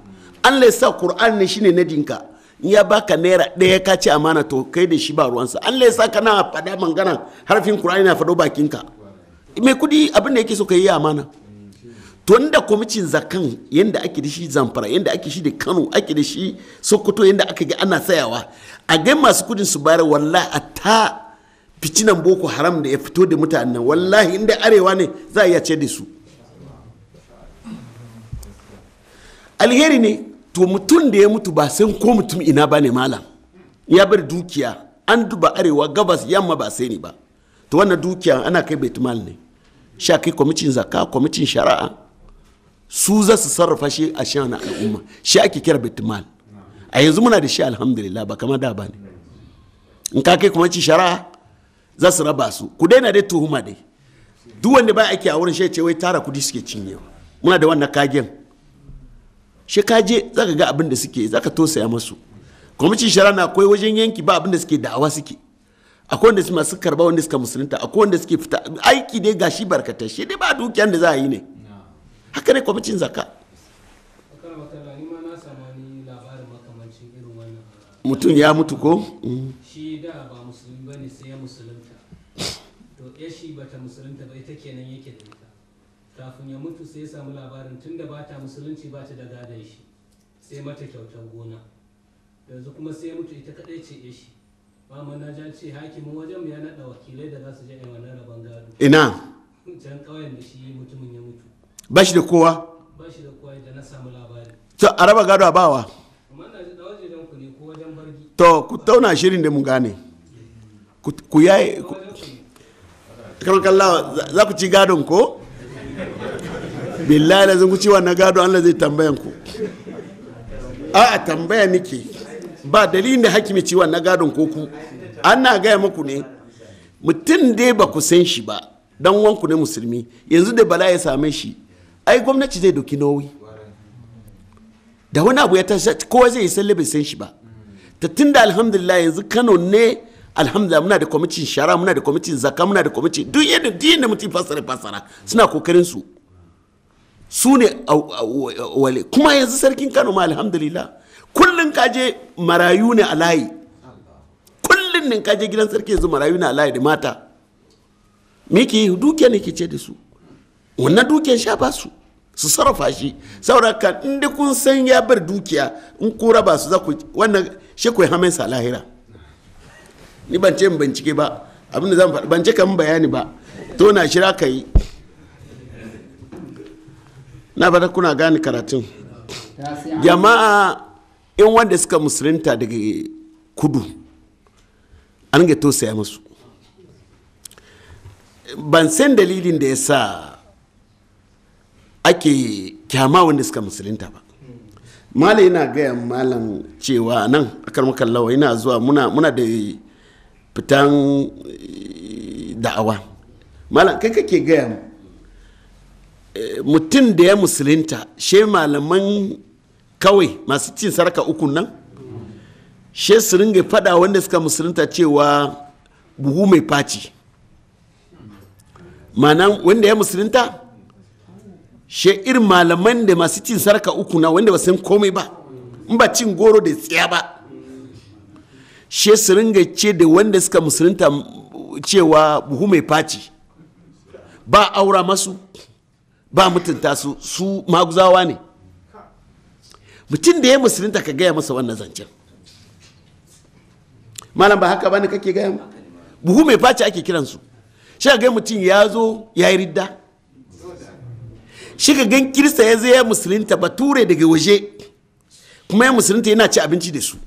B: an laisa qur'an ne shine nadinka in ya baka naira ɗaya ka ci amana to kai da shi ba ruwansa an laisa kana fada mangana harfin kur'an na faɗo bakinka mai kudi abin da yake so ka yi amana tun da kwamitin zakan yadda ake da shi zamfara yadda ake shi da kano ake da shi sokoto yadda aka ga ana sayawa a ga masu kudin su bayar walla a ta ficinan boko haram da ya fito da mutanen wallahi inda arewa ne za a iya ce da su alheri ne to mutum da ya mutu ba sai ko mutum ina ba ne malam ya bar dukiya an duba arewa gabas yamma ba sai ne ba to wannan dukiya ana kai baitmal ne sha kai kwamitin zaka kwamitin shari'a su za su sarrafa shi a shan al'umma shi ake kira baitmal a yanzu muna da shi alhamdulillah ba kama da ba ne in ka kai kwamitin shari'a za su raba su ku daina dai tuhuma dai duk wanda ba aiki a wurin shi ce wai tara kudi suke cinyewa muna da wannan kagen shi kaje za ka ga abin da suke ka tosaya masu kwamitin shara na akwai wajen yanki ba abin da suke da'awa suke akwai wanda masu karba wanda suka musulunta akwai wanda suke fita aiki dai gashi barkatai shi dai ba dukiyar da za a yi ne haka ne kwamitin zaka mutum ya mutu ko mm.
C: shi da ba musulmi bane sai ya musulunta roƙe yashi bata musulunta ba ita kenan yake da ita kafin ya mutu sai ya samu labarin tunda bata musulunci bata da gadon shi sai mata kyautar
A: gona yanzu kuma sai mutu ita kadai ce ya shi ba manaja ce hakimin wajen ya nada wakilai da za
B: su je wannan rabon gado ina can ƙauyen da shi mutumin ya mutu ba shi da kowa ba shi da kowa da na samu labari to a raba gado a bawa to ku tauna shirin da mu gane ku yaye kamar kallawa za ku ci gadon ko billahi lazin ku ci wannan gado allah zai tambayan ku a a tambaya nike ba dalilin da hakimi ci wannan gadon ko ku ana gaya muku ne mutum dai ba ku san shi ba dan wanku ne musulmi yanzu da bala ya same shi ai gwamnati zai doki nauyi da wani abu ya tashi kowa zai yi sallabin san shi ba ta tunda alhamdulillah yanzu kano ne alhamdulillah muna da kwamitin shara muna da kwamitin zaka muna da kwamitin duk yadda duk yadda mutum fasara fasara suna kokarin su su ne wale kuma yanzu sarkin Kano ma alhamdulillah kullun kaje marayu ne a layi kullun ne kaje gidan sarki yanzu marayu ne a layi da mata miki yi dukiya ne ke ce da su wannan dukiyar sha ba su su sarrafa shi saboda inda kun san ya bar dukiya in ku raba su za ku wannan shi ku hamen sa lahira ni ban ce bincike ba abin da zan faɗi ban ce kan bayani ba to na shira ka yi na fata kuna gane karatun jama'a in wanda suka musulunta daga kudu an ga tausaya musu ban san dalilin da ya sa ake kyama wanda suka musulunta ba mala yana gaya malam cewa nan a karmakan lawa yana zuwa muna, muna da fitan eh, da'awa malam kai kake gaya mu eh, mutum da ya musulunta she malaman kawai masu cin sarka uku nan she su ringa fada wanda suka musulunta cewa buhu mai faci mana wanda ya musulunta she irin malaman da masu cin sarka uku na wanda ba san komai ba in ba cin goro da tsiya ba she su ringa ce da wanda suka musulunta cewa buhu mai faci ba aura masu ba mutunta su su maguzawa ne mutum da ya musulunta ka gaya masa wannan zancen malam ba haka ne kake gaya buhu mai faci ake kiransu shi ga mutum ya zo ya yi ridda shi ga gan kirista ya zai ya musulunta bature daga waje kuma ya musulunta yana ci abinci da su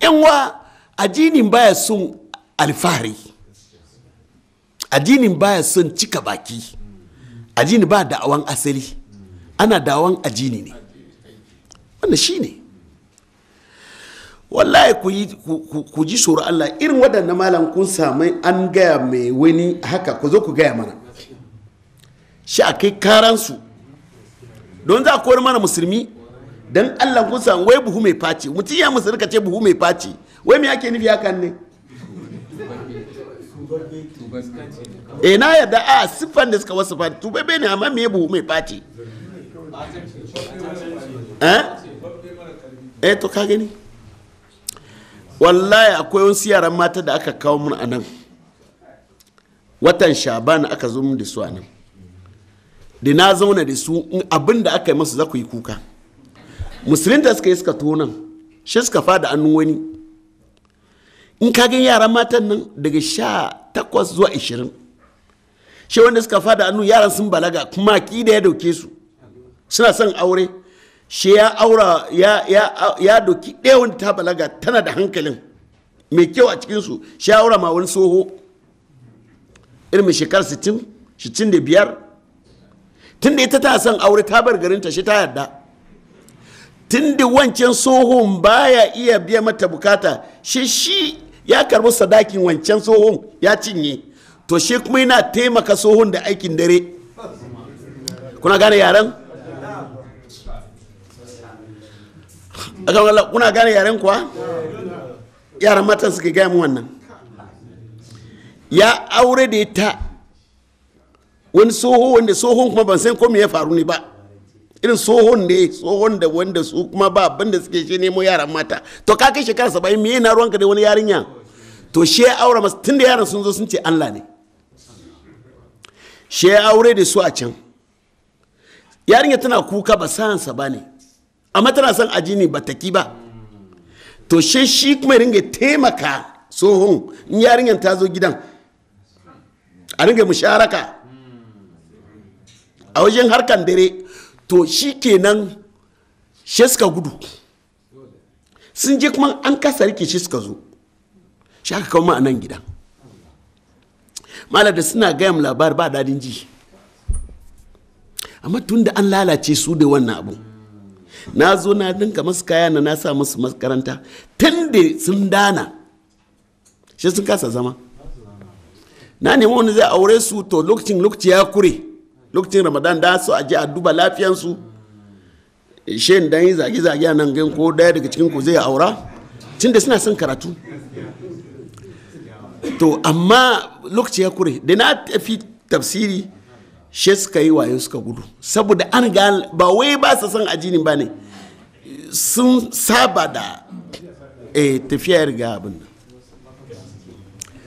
B: yanwa addinin baya sun alfahari addinin baya son cika baki addini ba da'awan asali ana da'awan addini ne wannan shi ne wallahi ku ji tsoron allah irin waɗannan malam kun samu an gaya mai wani haka ku zo ku gaya mana shi a kai karansu don za a kori mana musulmi dan Allah kun san wai buhu mai faci mutum ya musu rika ce buhu mai faci wai me ake nufi hakan ne eh na yadda a siffan da suka wasu fati tubebe ne amma me buhu mai faci eh? eh to ka gani wallahi akwai wasu yaran mata da aka kawo mun a nan watan shaban aka zo mun da su a nan da na zauna da su abin da aka yi masu za ku yi kuka musulun da suka yi suka tonan shi suka fada annun wani in ka ga yaran matan nan daga sha takwas zuwa ishirin shi wanda suka fada annu yaran sun balaga kuma ki ya dauke su suna son aure shi ya aura ya ya doki ɗaya wanda ta balaga tana da hankalin mai kyau a cikinsu shi ya aura ma wani soho irin mai shekar 60 65 da ita ta son aure ta bar garin shi ta yarda tunda wancan tsohon baya iya biya mata bukata shi shi ya karbi sadakin wancan tsohon ya cinye to shi kuma yana taimaka tsohon da aikin dare kuna gane yaren kuna gane yaren kuwa yaran matan suke gaya mu wannan ya aure da ta wani tsoho wanda tsohon kuma ban san ko me ya faru ne ba irin tsohon ne sohon da wanda su kuma ba abin da suke shi nemo yaran mata to ka kai shekara saba'in me yana ruwanka da wani yarinya to she aure masu tun da yaran sun zo sun ce allah ne she aure da su a can yarinya tana kuka ba sansa ba ne amma tana son ne ba taki ba to she shi kuma ringa taimaka tsohon in yarinyar ta zo gidan a ringa musharaka a wajen harkan dare to shi kenan shi suka gudu sun je kuma an kasa rike shi suka zo shi aka kawo a nan gidan malar da suna gaya mu labar ba dadin ji amma tun da an lalace su da wannan abu na zo na dinka masu kaya na na sa masu makaranta tun da sun dana shi sun kasa zama na nemi wani zai aure su to lokacin lokaci ya kure lokacin ramadan da su aje a duba lafiyansu shen dan yi zage-zage a nan gan ko daya daga cikin ku zai aura tun da suna son karatu to amma lokaci ya kure da na tafi tafsiri she suka yi wayo suka gudu saboda an ga ba wai ba su son ajinin ba ne sun saba da eh, tafiyar ga abin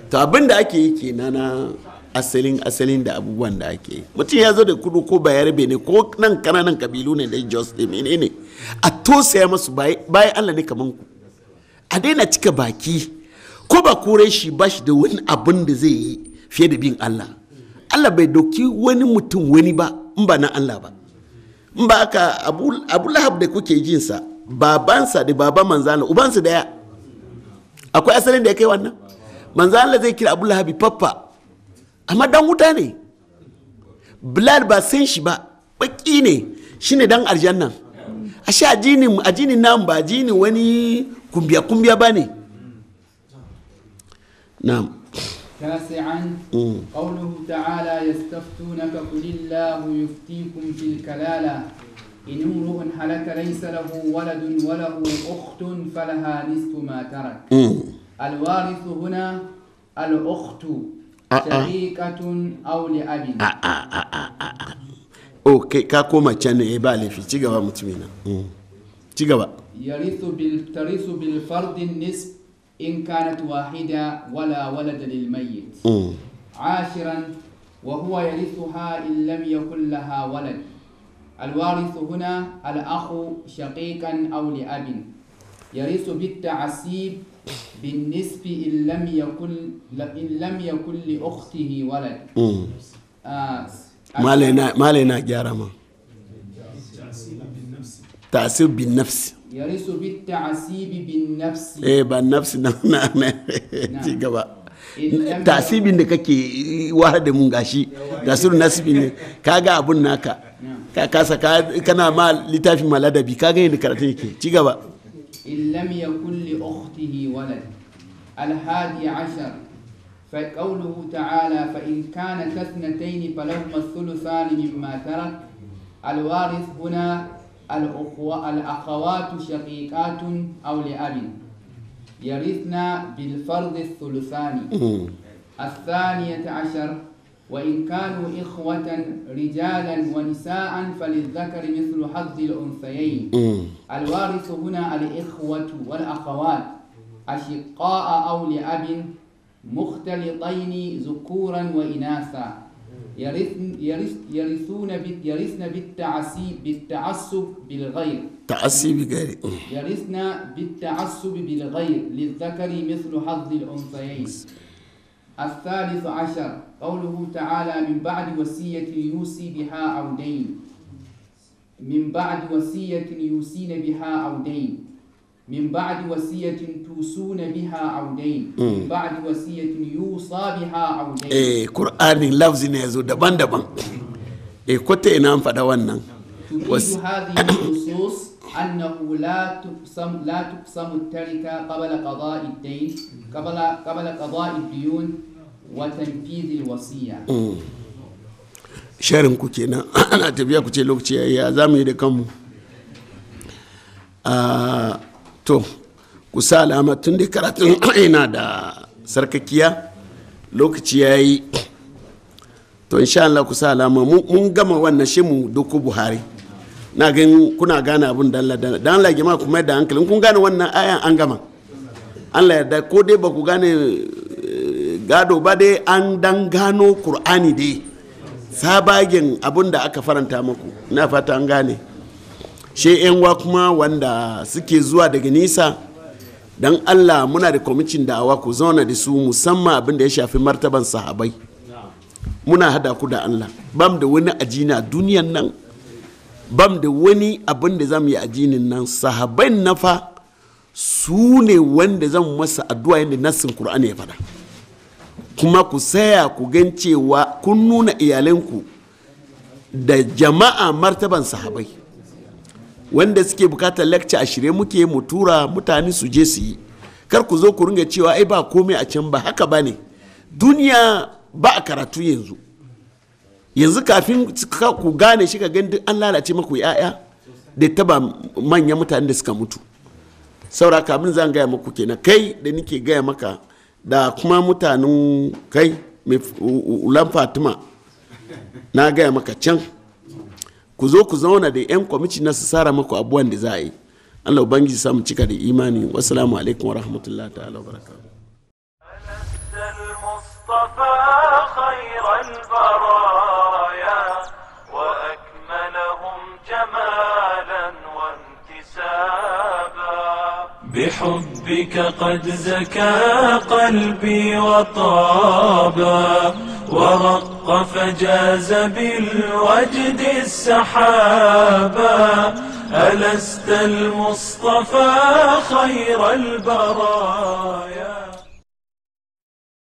B: to abin da ake yi kenan na ah, asalin asalin da abubuwan da ake mutum ya zo da kudu ko bayar ne ko nan kananan kabilu ne da jos ne ne ne a tosaya masu bayan allah ne kaman ku a daina cika baki ko ba kore shi ba shi da wani abin da zai yi fiye da bin allah allah bai doki wani mutum wani ba in ba na allah ba in ba aka abu lahab da kuke jinsa babansa da baban manzana ubansa daya akwai asalin da ya kai wannan manzana zai kira abu lahabi pappa amma dan wuta ne bilal ba sun shi ba baki ne shine dan aljanna ashe a jinin nan ba jinin wani kumbiya kumbiya ba ne na'am
C: تاسعا قوله تعالى يستفتونك قل الله يفتيكم في الكلالة إن امرؤ هلك ليس له ولد وله أخت فلها نصف ما ترك الوارث هنا الأخت Ah, ah. shariƙatun auli
B: ah, ka koma can ne eh, ba laifi ci gaba mutumina mm. ci gaba
C: yarithu bil tarithu bil fardin nisf in kanat wahida wala walada lil mayyit عاشرا وهو يرثها إن لم يكن لها ولد الوارث هنا الأخ شقيقا أو لأب يرث بالنسبة إن لم يكن إن لم يكن لأخته ولد
B: ما لنا ما لنا جارما تعسيب بالنفس
C: يرث بالتعسيب بالنفس ايه
B: بالنفس نعم نعم tasibin da kake wahar da mun gashi tasirin nasibin ne kaga abun naka ka kasa kana ma littafin maladabi kaga yadda karatu yake ci gaba
C: إن لم يكن لأخته ولد الحادي عشر فقوله تعالى فإن كانت اثنتين فلهما الثلثان مما ترك الوارث هنا الأخوة الأخوات شقيقات أو لأب يرثن بالفرض الثلثان الثانية عشر وإن كانوا إخوة رجالا ونساء فللذكر مثل حظ الأنثيين الوارث هنا الإخوة والأخوات أشقاء أو لأب مختلطين ذكورا وإناثا يرثن يرثون يرثن بالتعصيب بالتعصب بالغير
B: تعصب بالغير
C: يرثن بالتعصب بالغير للذكر مثل حظ الأنثيين الثالث عشر قوله تعالى من بعد وصية يوصي بها أو دين من بعد وصية يوصين بها أو دين من بعد وصية توصون بها أو دين من بعد وصية يوصى بها أو دين
B: إيه قرآن لفظ يزو دبان دبان إيه كنت إنام فدوانا تفيد
C: هذه النصوص أنه لا تقسم لا تقسم التركة قبل قضاء الدين قبل قبل قضاء الديون وتنفيذ الوصية
B: mm. sharin ku kenan ana tafiya ku ce lokaci ya za mu yi da kanmu ah, to ku sa alama tun da karatun ina da sarkakiya lokaci ya yi to insha Allah ku sa alama mun gama wannan shi mu duku buhari na gan kuna gane abin dalla dalla dan ya ma kuma da hankalin kun gane wannan ayan an gama Allah da ko dai ba ku gane gado ba dai an dan gano kur'ani dai sabagen abin da aka faranta maku na fata an gane she yanwa kuma wanda suke zuwa daga nisa don allah muna da kwamitin da'awa ku zauna da su musamman abin da ya shafi martaban sahabai muna hada ku da allah bam da wani ajina duniyan nan bam da wani abin da zamu yi ajinin nan sahabai na fa su ne wanda zan masa addu'a yadda nassin kur'ani ya fada kuma ku saya ku gan cewa kun nuna iyalanku da jama'a martaban sahabai wanda suke bukatar lecture a shirye muke mu tura mutane su je su yi kar ku zo ku ringa cewa ai ba komai a can ba haka ba ne duniya ba a karatu yanzu yanzu kafin ku gane shi ka gan duk an lalace maku ya'ya da ta ba manyan mutane da suka mutu saura kamin zan gaya maku kenan kai da nike gaya maka da kuma mutanen kai ulan fatima na gaya maka can ku zo ku zauna da 'yan kwamiti na su sara maku abuwan da za a yi allah ubangiji samu cika da imani wasu alaikum wa rahmatullahi ta'ala wa barakatuh
A: بك قد زكى قلبي وطابا ورق فجاز بالوجد السحابا ألست المصطفى خير البرايا